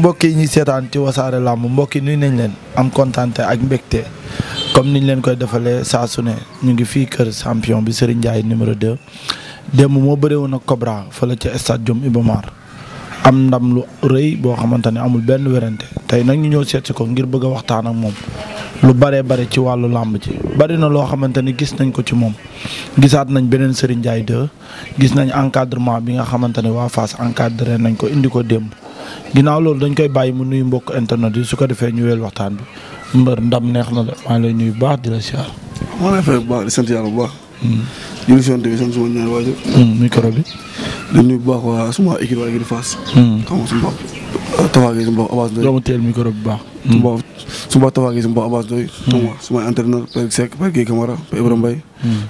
mbokk yi ñuy seetaan ci wasaare làmb mbokk yi nuyu nañ leen am kontaan ak mbégte comme niñ leen koy defalee saa su ne ñu ngi fii kër champion bi Serigne Ndiaye numéro 2. démb moo bëre woon ak Cobra fële ca stade Jom Iba Mar am ndam lu rëy boo xamante ne amul benn werante tey nag ñu ñëw seet ko ngir bëgg waxtaan ak moom. lu bare bare ci wàllu làmb ci bari na loo xamante ni gis nañ ko ci moom gisaat nañ beneen Serigne Ndiaye 2 gis nañ encadrement bi nga xamante ne waa Fass encadré nañ ko indi ko démb. ginnaaw loolu dañ koy bàyyi mu nuyu mbokk internet yi su ko defee ñu wel waxtaan bi mbër ndam neex na la maa ngi lay nuyu bu baax di la siyaar. maa lay fay bu baax di sant yàlla bu baax. Hmm. ñu ngi si yoon bi sant suma ñaari hmm, bi. di nuyu bu baax waa suma équipe waa Gidi hmm. euh, teel micro bu baax. suñu bopp suñu bopp tawaagee suñu bopp Abass Ndoye. xam nga sumay entraîneur Père Seck Père Guèye Camara Père Ibrahima Mbaye.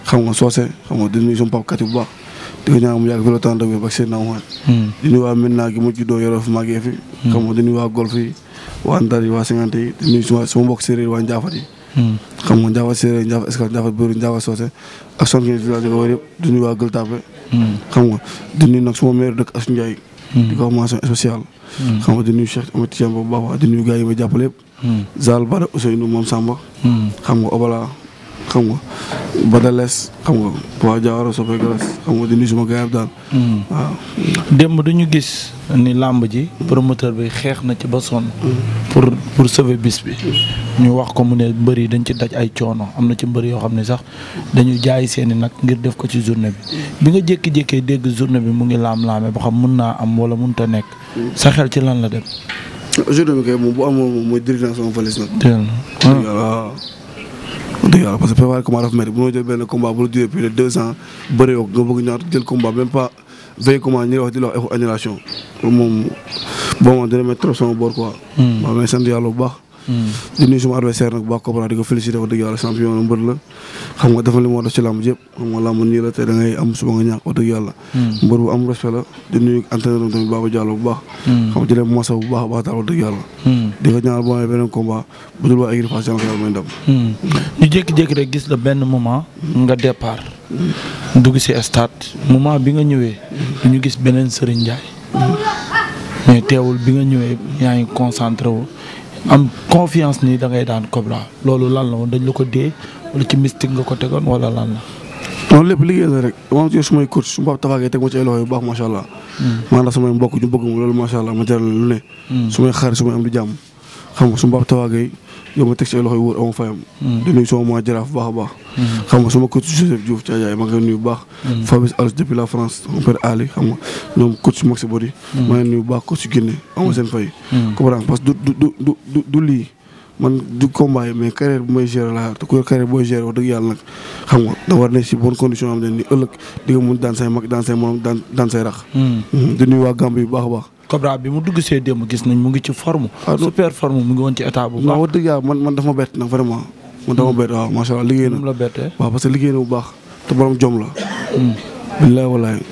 xam nga Socé xam nga di nuyu suñu kati bu baax. di ko ñaan mu yàgg fi la tànn bi ak seen amuwaat. di nuyu waa Médina mu juddoo Yorof màggee fi. Hmm. xam nga waa Golf waa Ndar waa Singante yi di nuyu sama sama mbokk séeréer waa Njaafat yi. Hmm. xam nga Njaafat séeréer Njaafat Soose ak son kii village yi yëpp di waa Gueule Tapée. Hmm. xam nga di nuyu nag sama maire dëkk Assou Ndiaye. baax di nuyu gars ma jàppale yëpp. Zal Bada Ousseynou moom Samba. xam nga Obala xam nga Badales xam nga Papa Diawara Sopé Galas xam nga di nuyu suma gaayam daal. Hmm. démb du ñu gis ni làmb ji. promoteur bi xeex na ci ba sonn. pour pour sauver bis bi. ñu wax ko mu ne mbër yi dañ ci daj ay coono am na ci mbër yoo xam ne sax dañu jaay seeni nag ngir def ko ci journée bi bi nga jékki-jékkee dégg journée bi mu ngi laam-laame ba xam mën naa am wala mënut a nekk. sa xel ci lan la dem. journée bi kay moom bu amoon moom mooy dirigeant sama valise dëgg yàlla parce que préparer combat dafa métti bu ma jël benn combat bu la jógee plus de deux ans bëri yoo nga bëgg ñaata jël combat même pas vingt combat ñu wax di la wax annulation moom bon dina métti trop sama boor quoi. Hmm. waaw mais sant yàlla bu baax. di nuyu suma adversaire nag bu baax Cobra di ko félicité wax dëgg yàlla champion la mbër la xam nga dafa li moo def ci làmb yëpp xam nga làmb la te da ngay am nga ñàkk wax dëgg hmm. mbër bu am respect la di nuyu entraîneur tamit Babou Diallo bu baax hmm. xam nga di leen bu baax a baax daal wax dëgg hmm. di ko ñaanal boo amee beneen combat bu dul waa équipe yàlla may ndam ñu jékki-jékki rek gis la benn moment nga départ dugg si stade moment bi nga ñëwee duñu gis beneen Serigne Ndiaye mais teewul bi nga ñëwee yaa ngi concentré wu am confiance nii da ngay daan Cobra loolu lan la woon dañ la ko dee wala ci mystique nga ko tegoon wala lan la. noonu lépp liggéey la rek wax ci sumay coach su ma tafaagee teg ma ci ay loxo yu baax macha allah. Hmm. maanaam samay mbokk ñu boggum loolu macha allah ma jaral lu ne. Hmm. sumay xaar sumay am du jàmm. xam nga su ma tawaagee yow ma teg say loxo yu wóor amu fayam. Hmm. di nuyu sama maa jaraaf baax a baax. Hmm. xam nga su ma Joseph Diouf ca Ajaay ma ngi nuyu bu baax. Hmm. Fabrice Alous depuis la France mon père Ali xam nga ñoom coach Max ma ngi nuyu bu baax coach da am ne ni ëllëg di mun daan mag daan say morom daan daan baax a baax. Cobra bi mu dugg see démb gis nañ mu ngi ci forme. Ah, super forme mu ngi woon ci état bu baax. non wax dëgg yàlla man man dafa ma bett nag vraiment. man ma hmm. bett waaw macha allah liggéey na. la bettee liggéey na bu baax te borom jom hmm.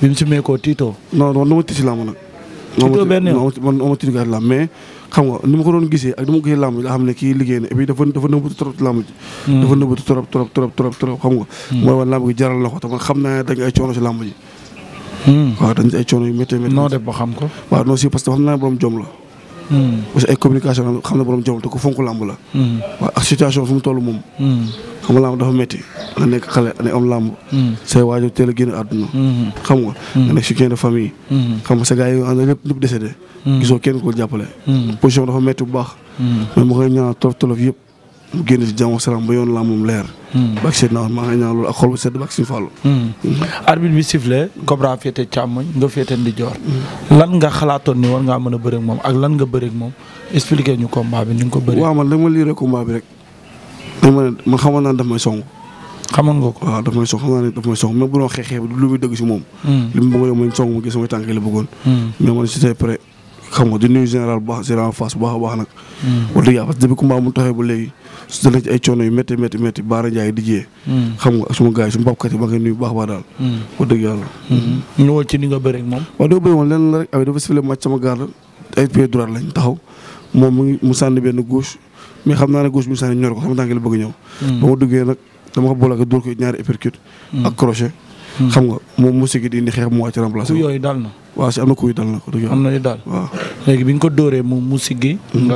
bi mu si meekoo tiitoo. non ma tiiti làmb nag. tiitoo ma tiiti ma ko doon gisee ak ni ma ko gisee ji kii liggéey na et puis dafa dafa nëbbatu trop làmb ji. Hmm. dafa trop trop trop xam nga. mooy wan gi jaral na ko xam naa ne da nga coono si làmb ji Hmm. waaw dañ ay coono yu métti métti. noo def ba xam ko. waaw non si parce que xam naa borom jom la. Hmm. parce que ay communication xam na borom jom te ku fonk làmb la. Hmm. waaw ak situation fu mu moom. xam nga làmb dafa métti. nga nekk xale ne am làmb. say waajur teel a génn àdduna. xam nga. nga nekk soutien de famille. xam nga sa gars yi ànd ñëpp gisoo kenn ko jàppale. position dafa métti bu baax. mais mu koy ñaan tolof tolof yëpp. mu génn ci jàmm salaam ba yoon laa moom leer. bàq si naaw maa ngi ñaan loolu ak xol bu sedd bàq si fàllu. nga féete ndijoor. Hmm. lan nga xalaatoon ni war ngaa mën a bëreeg moom ak lan nga bëreeg bi ni ma liiree combat bi rek. dama ne man xamoon naa ne daf may song. xamoon nga ko waaw daf may song xam naa ne daf may lu muy dëgg si moom. Hmm. li mu bëggoon mooy song mu gis sama tànk la bëggoon. Hmm. mais man si tey prêt. xam nga di nuyu général bu baax général Fass bu baax a baax nag. Hmm. wax dëgg yàlla parce que depuis combat mu taxee ba léegi su dana ci ay coono yu métti métti métti Baara Ndiaye di jiyee. Hmm. xam nga ak suma gars yi suma boppkat yi ma koy nuyu bu baax a baax daal. Hmm. wax dëgg yàlla. nga bëri ak moom. waaw la rek ay dafa sifflé match sama garde ay pied droit lañ taxaw moom mu ngi mu sànni benn gauche mais xam naa ne gauche mu sànni ñor ko xam nga tànk la bëgg a ñëw. ba ma duggee nag dama ko boole ak ko ñaari uppercut ak crochet. xam nga moom mu sigi di indi xeex mu wàcc remplacé waaw si am na kuy dal na ko. am na yu daal nga ko dóoree mu siggi. Mhm.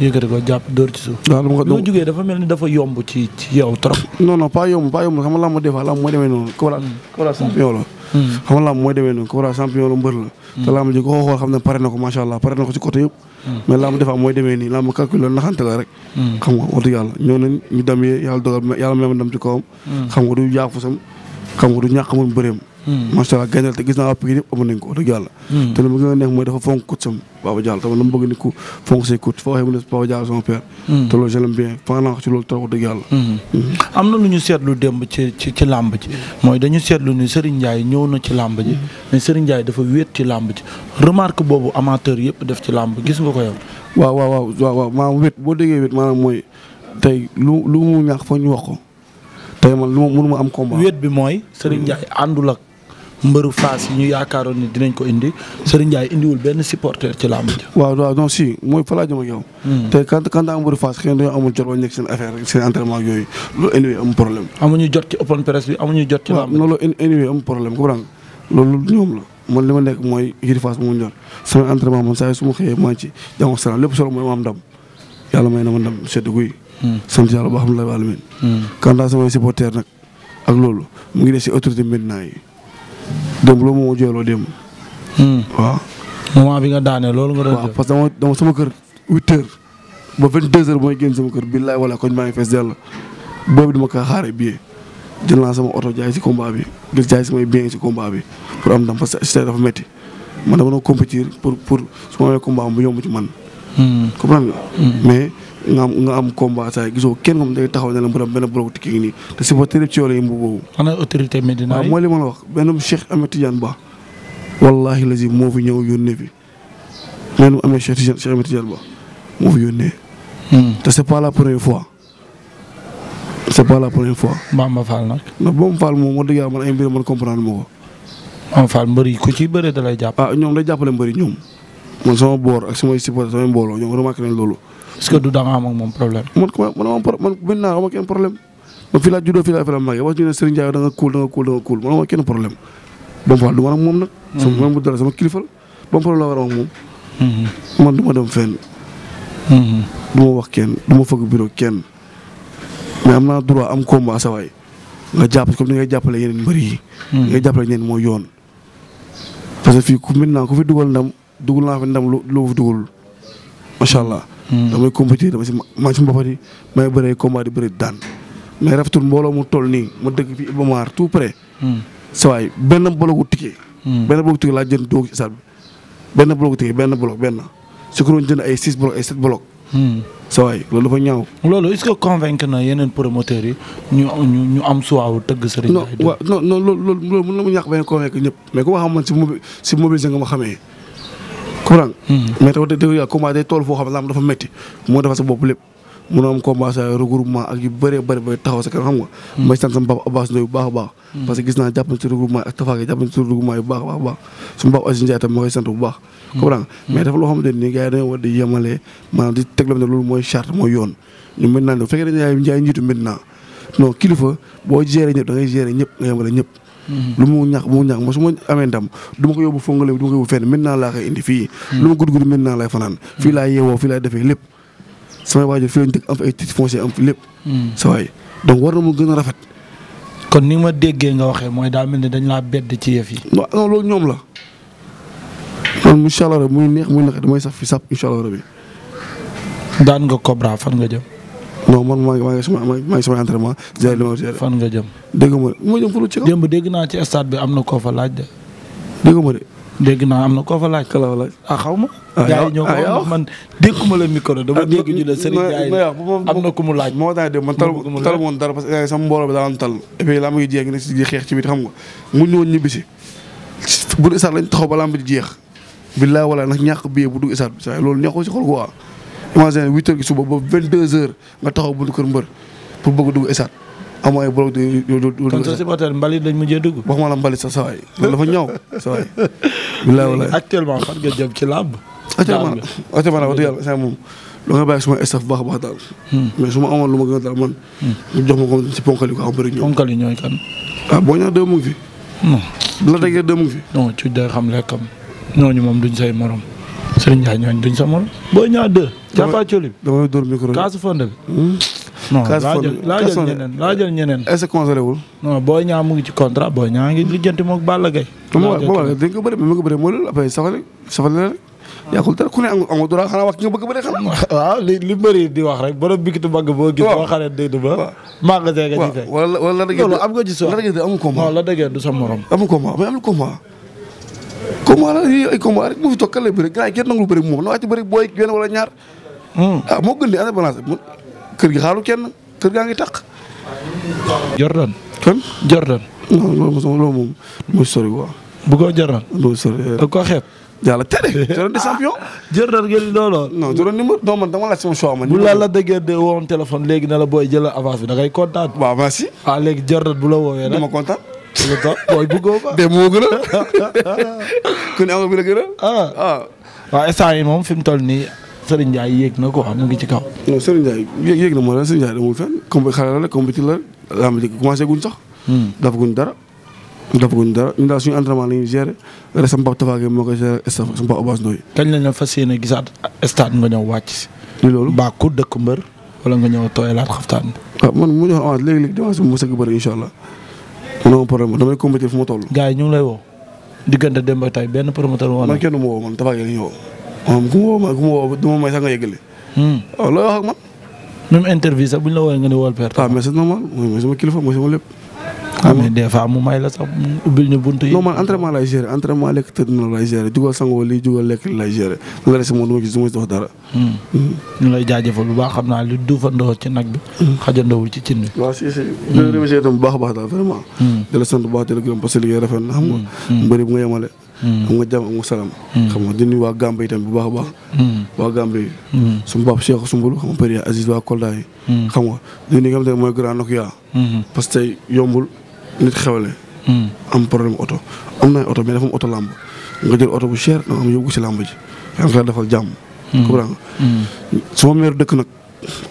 nga mhm. jugee dafa mel ni dafa yomb ci ci yow trop. non non pas yomb pas yomb xam nga làmb des fois làmb mooy demee noonu. Cobra mm, Cobra champion la. Mm. xam nga làmb mooy mm. allah pare na ko ci ma dem ci kawam. xam nga du jaaxu sam xam nga du ñàkk mën bëreem Hmm. macha allah gànnaaw te gis naa waa Pikine yëpp amoon nañ ko wax dëgg yàlla. Hmm. te hmm. ci am na lu ñu seetlu démb ci ci ci làmb mooy dañu seetlu ni Serigne Ndiaye ñëw na ci làmb ji mais dafa wéet ci làmb ji remarque boobu amateur yëpp def ci làmb gis nga ko yow. waaw waaw waaw waaw waaw maanaam wéet boo déggee wéet maanaam mooy tey lu lu mu ñaax foog ñu wax ko tey man lu ma mënu ma am combat. wéet bi mooy Serigne Ndiaye àndul ak mbëru Fass yi ñu yaakaaroon ni dinañ ko indi Serigne Ndiaye indiwul benn supporter ci làmb ji. waaw waaw non si mooy fa laa jëm ak yow. Hmm. te quand quand daa mbëru Fass xëy na dañoo amul jot wala nekk seen affaire seen entraînement ak mooy yëri mu ñor sama entraînement man saa yu lépp solo mooy ma am ndam na ma ndam sedd guy. xam ne la alamin. Hmm. samay supporters nag ak loolu mu ngi des si autorité Médina yi démb loolu moo ma jooyloo démb. Hmm. waaw. moment bi nga daane loolu nga doon parce que dama dama sama kër huit heures ba vingt deux heures mooy génn sama kër billaay wala koñ maa ngi fees dell boobu dama ko xaare billet jël naa sama oto jaay si combat bi ngir jaay sama bien si combat bi pour am ndam parce que si dafa man dama doon compétir pour pour su ma combat bu yomb ci man. Hmm. Hmm. mais. nga am nga am combat saa gisoo kenn moom day taxaw ne la mbërëm benn bërëbu kii nii te supporter yëpp ci yow la yëngu boobu. ana autorité Medina waaw mooy li ma la wax moo fi ñëw yónnee fi benn amee Cheikh Cheikh Ahmed Tidiane Ba moo fi yónnee. Hmm. te c'est pas la première fois. c'est pas la première fois. Bamba Fall nag. ndax Bamba Fall moom wax dëgg man ay mbir man comprendre ma ko. Bamba Fall mbër yi ku ci bëree da lay jàpp. ah ñoom day jàppale mbër yi ñoom man sama boor ak samay supporter samay mbooloo ñoom remarqué nañ loolu. est-ce que du da problème. ma man man mën naa am ak kenn problème man fii laa juddoo fii laa fi la màggee wax ñu ne Serigne Ndiaye da nga cool da nga cool da nga cool ma kenn problème Bamba Fall du ma am moom nag. Hmm. sama man bu dara sama kilifa la ba problème la a am moom. Hmm. man du ma dem fenn. Hmm. du ma wax kenn du ma fëgg bureau kenn mais am naa droit am combat nga jàpp comme ni ngay jàppale yeneen mbër yi. ni ngay jàppale ñeneen mooy yoon. parce que fii ku maintenant ku fi dugal ndam dugal naa macha allah. Hmm. damay compétir dama si maa si mbapat yi may bëree combat di bëri daan mais rafetul mbooloo mu toll nii ma dëkk fii Iba Mar tout près. Hmm. sa waay benn bologu ticket. Hmm. benn bologu ticket laa jënd dugg ci stade bi benn bologu ticket benn bolog benn jënd ay six bolog ay sept bolog. sa waay dafa ñaaw. loolu est-ce que convaincre na yeneen promoteurs a convaincre ñëpp mais ku ma xam man si mobi si nga ma xamee. comprendre hmm. mais tamit dëgg yàlla combat day tool foo xam ne lamb dafa métti moo defal sa bopp lépp mënoo am combat sa regroupement ak yu bëree bëri bay taxaw sa kanam xam hmm. a baax hmm. parce naa jàpp na ci a baax baax suñu papa loo xamante ni gars yi dañoo ne loolu mooy charte mooy yoon ñu maintenant bu fekkee dañ yaay njiitu maintenant non kilifa boo géré ñëpp da ngay géré ñëpp nga yemale ñëpp Mm-hmm. lu mu ñax mu ñax ma su ma amee ndam du ko yóbbu fongale bi du ma ko yóbbu fenn maintenant laa koy indi fii mm-hmm. lu ma gudd gudd maintenant laay fanaan fii mm-hmm. laa yeewoo fii laay defee lépp samay waajur fii lañ dëkk am fi ay titre foncier am fi lépp sa waay donc war na mu gën a rafet kon ni ma déggee nga waxee mooy daa mel ni dañ laa bedd ci yëf yi non non loolu ñoom la man incha allah muy neex muy naqari damay sax fi sax incha allah daan nga Cobra fan nga jëm non man maa ngi maa sama maa ngi sama entraînement. jaay li ma fan nga jëm. dégg ma de ma jëm fu ci. dégg naa ci stade bi am na laaj dégg naa am na koo laaj. ka la ah, xaw ma. ah yow ñoo ko ah, man dékkuma la micro dama ah, dégg ñu ne Serigne Ndiaye am mu laaj. moo tax de man tal tal moon dara parce que eh, sama mbooloo bi daan tal. et puis laa ma ngi jeex nag si xeex ci biir xam bu du isaat lañ taxaw ba lamb di jeex. billaay wala nag ñàkk bi bu dugg isaat bi loolu neexul si xol quoi imagine huit heures suba ba vingt deux heures nga taxaw buntu kër mbër pour bëgg dugg esaat amoo ay borom du du du. mbali dañ supporter mbalit dañ mujjee dugg. waxuma la mbalit sa saa waay dafa ñëw sa waay. bilaay walaay actuellement fan nga jëm ci làmb. actuellement actuellement wax dëgg yàlla saa moom. doo nga bàyyi suma staff baax a baax daal. Hmm. mais su ma amoon lu ma gën a daal man. Hmm. ñu jox ma ko si ponkal yi ko am bëri ñoom. ponkal yi ñooy kan. ah boo ñëwee deux mu ngi fi. non. la déggee deux mu ngi fi. non ci day xam lekkam ñooñu moom duñ say morom. Serigne Ndiaye ñooñu duñ sa morom. booy ñaar deux. jàppaa coli bi damay dóor micro bi kaasu fonde bi. Hmm? non laa ñeneen laa ñeneen. est-ce mu ngi ci contrat booy ñaa ngi lijjanti moog Balla Gaye. laa moo loolu après safale safale la yàqul dara ku ne am nga droit xanaa wax ki nga bëgg ba dee ah, li li di wax rek borom bikitu bëgg boo gis. boo xaaree dégg ba. magasin nga ci fekk. wala wala la dëgg am nga ci soo. ko ma. non du sa morom. amul ko ma mais amul ko ma combat la yii ay combat rek mu fi toog kan lay nangu lu bëri na wàcc bëri booy benn wala ñaar. Hmm. ah gën di ana balance kër gi xaaru kenn kër gaa ngi taq. Jordan. kan Jordan. non loolu moom loolu moom mooy sori quoi. bëggoo Jordan. loolu sori da eh. koo xeeb. yàlla tere Jordan di champion. Jordan ngeen di Jordan numéro non man dama laaj sama choix man. bu de woon téléphone léegi na la booy jël avance bi da ngay kontaan. waaw merci. Ah, Jordan bu la woowee nag lu tax booy bëggoo moo gën a. ku ne am bi la gën a. ah, ah. yi moom fi mu toll nii sëriñ Ndiaye yéeg na ko quoi mu ngi ci kaw. non Serigne Ndiaye yéeg na moo la Serigne Ndiaye demul fenn comme la rek comme bitti la lamb ji guñ sax. Hmm. dafa guñ dara. dafa guñ dara ñun daal suñu entraînement la ñuy gérer rek sama papa Tafa Gueye moo koy gérer staff sama papa kañ lañ la fas yéene gisaat stade nga ñëw wàcc si. li loolu mbaa ku dëkk mbër wala nga ñëw tooyalaat xaftaan. waaw ah, man mu ñu wax léegi-léegi dama si mos a bëri incha allah non problème damay compétir fu ma toll. gars yi ñu ngi lay woo. diggante démb ak tey benn promoteur woo man kenn mu woo man Tapha Gueye ñu woo. maanaam ku ma woo man ku woo ma may sax nga yëgale. Hmm. waaw looy wax ak man. même bu ñu la wooyee nga ne woo perte. ah mais c'est normal mooy sama kilifa mooy sama Ah, mais des fois mu may la sax mu ubbil buntu yi. non man lekk tëdd na jugal sangoo lii jugal lekk lay gérer la des moom du ma gis du ma dox hmm. Hmm. bu baax xam naa li duufandoo ci nag bi. Hmm. xajandoowul ci cin bi. waaw si si di la remercier itam bu baax a baax daal vraiment. di la sant bu baax di la gërëm parce que liggéey rafet na xam nga. mbëri bu nga yemale. waa Gambey itam baax a baax. waa Gambey. suñu baax Cheikh Sumbul xam nga Aziz waa Kolda yi. xam nga li nga xamante mooy grand Nokia. parce yombul. nit xewle. Hmm. am problème oto am na oto mais dafa am oto làmb nga jël oto bu cher da nga am yóbbu si làmb ji yaa ngi defal jàmm. Hmm. comprends nga. Hmm. sama maire dëkk nag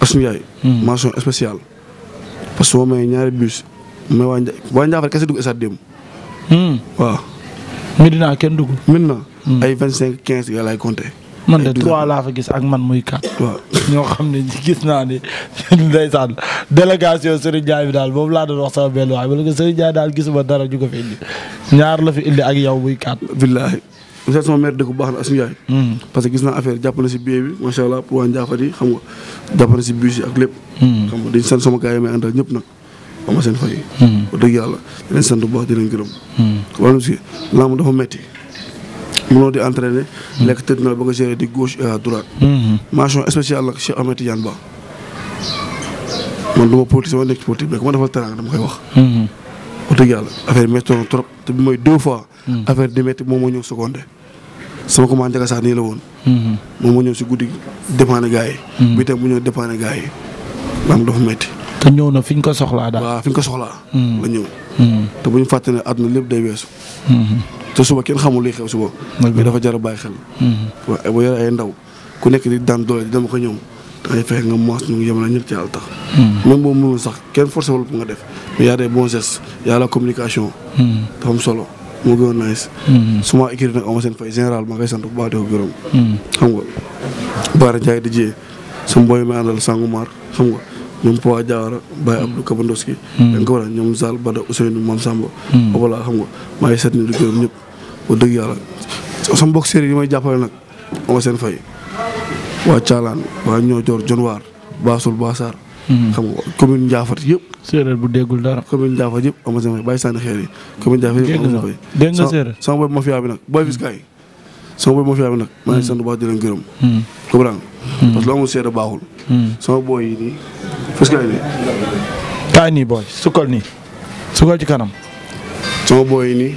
Asou Ndiaye. mention spéciale. parce que soo ñaari bus mais waa Nja waa dugg stade démb. waaw. kenn dugg. Medina ay vingt cinq quinze gars laay compter. man de trois laa gis ak man muy quatre. waaw ñoo xam ne gis naa ne ndeysaan délégation Serigne Ndiaye bi daal moom laa doon wax sama benn waay ma ne ko Serigne daal gisuma dara ñu ko fi indi ak yow muy quatre. billaahi monsieur sama maire dëkk parce que gis naa affaire jàpp na si biir bi macha allah pour waa Ndiaffate yi xam nga jàpp na si bus yi ak lépp. Hmm. xam nga dañ sant sama gars yi may àndal ñëpp nag. ba ma seen fay. Hmm. wax yàlla di leen sant bu baax di leen gërëm. wàllum hmm. dafa metti mënoo di entraîner. lekk tëdd na ba nga gérer di gauche et à droite. Mhm. mention spéciale ak Cheikh Ahmed Tidiane Ba. man du ma politique ma nekk ci politique mais ku ma defal teraanga dama koy wax. Mhm. wax dëgg yàlla mhm. di métti moom moo ñëw secondé. sama commande njëkk nii la woon. moom moo ñëw si guddi dépanné gars yi. bi tam mu ñëw dépanné gars yi maanaam dafa métti. te ñëw na fi ñu ko soxlaa daal. waaw fi ñu ko soxlaa. la ñëw. te bu ñu fàtte àdduna lépp day weesu. te suba kenn xamul liy xew suba. bi dafa jar a bàyyi xel. Mm-hmm. waaye bu yore ay ndaw ku nekk di daan doole di dama ko ñëw dangay fexe nga moos ñu yem la ñëpp ci yàlla tax. Mm-hmm. même boobu mënul sax kenn forcé wul nga def mais y a des bons gestes y a la communication. Mm-hmm. dafa am solo moo a nice. ma écrit xam nga Baara Ndiaye di jiyee ma àndal Sangomar xam nga. ñoom Pawa ba Baye Abdou Kabandoski. da nga ko war a ñoom Zal Bada Ousseynou xam nga maa set seetlu ñu di ñëpp. bu dëgg yàlla sama mbokk séeréer yi may jàppale nag ama seen fay waa caalaan waa ñoo joor jonwaar baasul baasaar hmm. xam yëpp. séeréer bu déggul dara. commune Ndiaffate yëpp am na seen bàyyi sànni xeer yi. commune Ndiaffate yëpp na seen dégg nga séeréer sama boy mafia bi nag boy Vizcay. sama boy mafia booy hmm. hmm. sukkal nii sukkal ci kanam. sama boy yi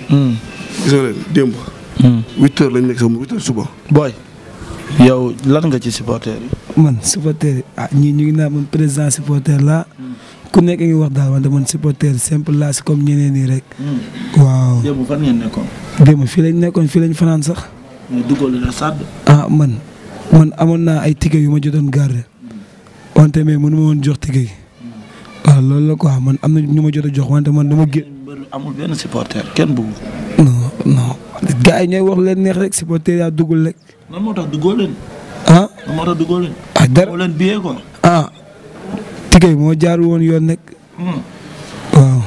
gis nga leen démb. Hmm. huit heures lañ nekk suba. booy yow lan nga ci supporter man supporter ah ñii ñu ngi naan man président supporter laa. ku nekk ngi wax daal wante man supporter simple laa si comme ñeneen ñi rek. Hmm. waaw démb fan ngeen nekkoon. fii lañ nekkoon fii lañ fanaan sax. mais duggal ah man man amoon naa ay ticket yu ma jotoon garder. wante mais mënu ma woon jox ticket yi. Hmm. waaw loolu la quoi man am na ñu ma jot a jox wante man dama amul benn supporter kenn bëggu non yi ñooy wax leen neex rek supporter yaa duggul rek. lan moo tax duggoo leen. ah lan moo tax duggoo leen. Ah, ah. moo jaar woon yoon nag. Hmm. waaw.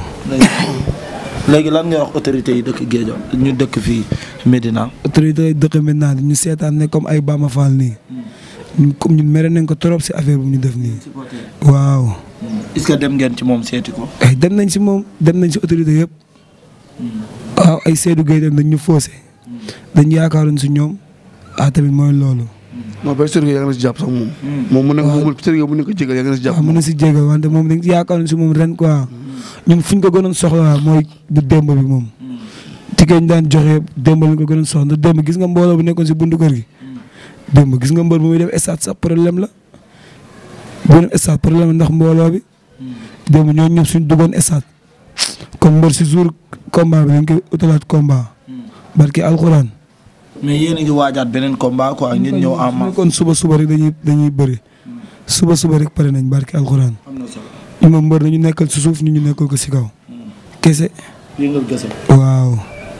léegi lan ngay wax autorités yi dëkk Géejo ñu dëkk fii Medina. autorités yi dëkk Medina ñu seetaan ne comme ay Bamba Fall nii. Hmm. ñun comme ñun mere nañ ko trop si affaire bu ñu def nii. waaw. Hmm. est-ce que dem ngeen ci moom seeti eh, dem nañ si moom dem nañ si autorités yëpp. waaw ay Seydou Gueye dem dañ ñu faussé dañ yaakaaroon si ñoom ah tamit mooy loolu. non ba Seydou Gueye yaa ngi na si jàpp sax moom. Hmm. moom mu ne na si jàpp. Ah, wante moom dañ yaakaaroon si moom ren quoi ñun fu ñu ko gënoon soxla mooy bu démb bi moom. Hmm. tike ñu daan joxe demba lañ ko gënoon soxla ndax gis nga mbooloo bu nekkoon si buntu kër gi. Hmm. démb gis nga mbër bu muy def stade sax la. bu muy def ndax mbooloo bi. démb ñooñu ñëpp suñu duggoon stade comme mbër si jour combat bi dañ koy utalaat combat. barki alxuraan. mais yéen a ngi waajaat beneen combat ko ngeen ñëw en masse. kon suba suba rek dañuy dañuy bëri. suba suba rek pare nañ barki alxuraan. am na solo ñu ma mbër nañu nekkal si suuf ñu ñu nekkal ko si kaw. kese. waaw.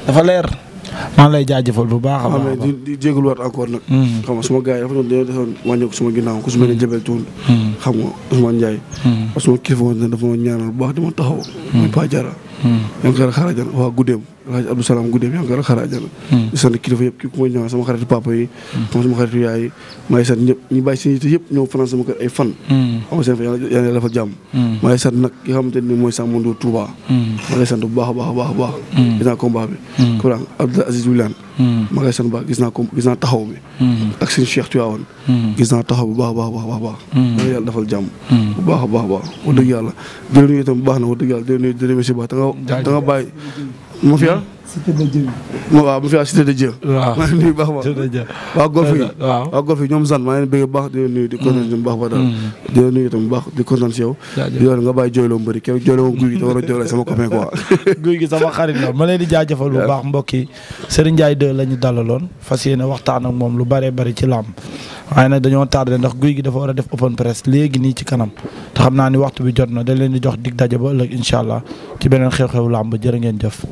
dafa leer. maa ngi lay jaajëfal bu baax a baax di di jégaluwaat encore nag. Hmm. xam nga suma gars yi dafa doon dañoo defoon wàññeeku suma ginnaaw ku su mel ne hmm. Jabel Tuun. Hmm. xam nga Ousmane Ndiaye. parce que suma kilifa woon dafa ma ñaanal bu baax dama taxaw. muy Pajara. Hmm. yaa ngi ko xaar ajana waa guddeem alhaji abdou salaam guddeem yaa ngi ko xaar ajana hmm. di sant kilifa yëpp kii ku ma ñëw sama xaritu sa yi hmm. sama sama xaritu yaay yi maa ngi sant ñëpp ñu bàyyi seen yite yëpp ñëw fanaan ay fan ama seen fa yàlla yàlla defal sant nag ki nga xamante ni mooy Samba Ndour Touba maa ngi sant bu baax a baax a baax a baax dinaa combat bi Aziz Wilane Magaye seen baax gis naa ko gis naa taxaw bi ak seen Cheikh Tivaouane gis naa taxaw bi baax baax baax baax baax dana yàlla defal jàmm bu baax a baax baax wax dëgg yàlla di la nuyu itam bu baax na wax dëgg yàlla di cité de waaw mu fi cité de Dieu. waaw maa ngi nuyu waaw golf yi ñoom san maa ngi leen bëgg baax di leen mm. ba mm. di leen nuyu itam bu baax di kontaan si yow. di leen nga bàyyi jooyloo mbëri kew jooyloo guy gi da war a jooyloo sama copain quoi. guy gi sama xarit la ma leen di jaajëfal bu baax mbokk yi Serigne Ndiaye 2 la ñu dalaloon fas yéene waxtaan ak moom lu bëree bari ci làmb. waaye nag dañoo tardé ndax guy gi dafa war a def open press léegi nii ci kanam te xam naa ni waxtu bi jot na da leen di jox dig daje ba ëllëg incha allah ci beneen xew-xew làmb jërë ngeen jëf